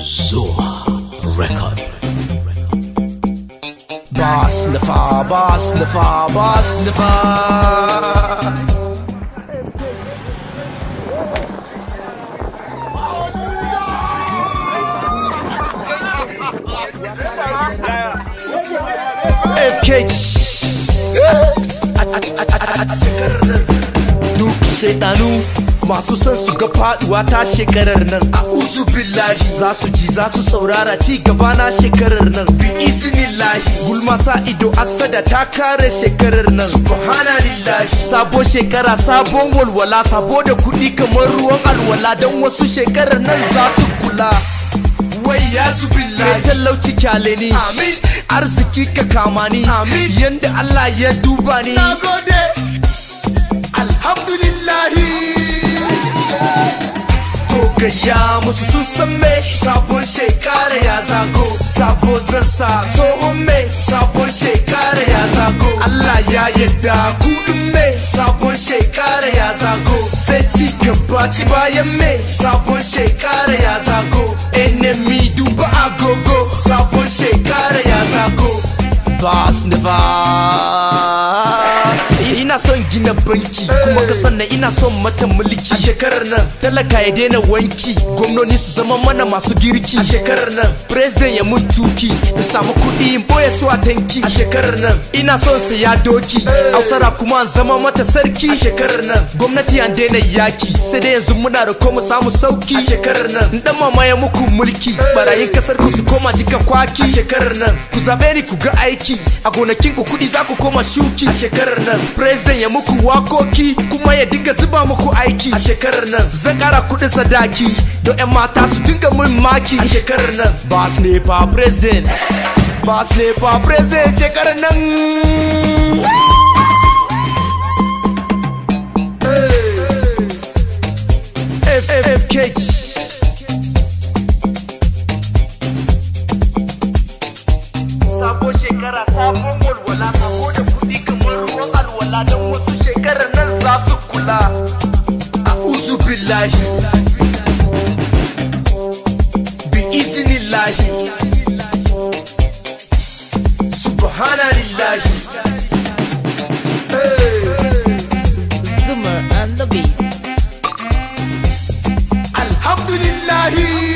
Zoa Record Boss Nafa, Boss Nafa, Boss Nafa Fk. Duk Setanu masu son su ga faduwa ta shekarar nan a uzu billahi za su ji za su saurara ci gaba na shekarar nan bi izinillahi gulma sa ido asada ta kare shekarar nan subhanallahi sabo shekara sabon walwala sabo da kuɗi kamar ruwan alwala dan wasu shekarar nan za su kula wai ya zubillahi talauci kyale ni amin arziki ka kama ni amin yanda Allah ya duba ni nagode alhamdulillahi gaya musu san me sabon shekara ya zago sabo zan tsohon me sabon shekara ya zago Allah ya yadda kudin me sabon shekara ya zago sai ci gaba ci bayan me sabon shekara ya zago enemy duba agogo sabon shekara ya zago Bas ne ina son gina banki kuma kasan sanna ina son mata mulki a shekarar nan talaka ya daina wanki gwamnoni su zama mana masu girki a shekarar nan president ya mutu ki. in samu kudi in boye su a tanki a shekarar nan ina son saya doki ausara kuma an zama mata sarki a shekarar nan gwamnati an daina yaki sai dai yanzu muna da koma samu sauki a shekarar nan dan mama ya muku mulki barayin kasar ku su koma jika kwaki a shekarar nan ku zabe ni ku ga aiki a gonakin ku kuɗi za ku koma shuki a shekarar nan president zan ya muku wakoki kuma ya dinga zuba muku aiki a shekarar nan zan kara kudin sadaki don 'yan mata su dinga min maki a shekarar nan ba su ne ba present ba su ne ba present shekarar nan sabo shekara sabon walwala sabo da kudi Allah dan wasu shekarar nan za su kula a'udhu billahi bi iznillahi subhanallahi Zuma and the beat Alhamdulillahi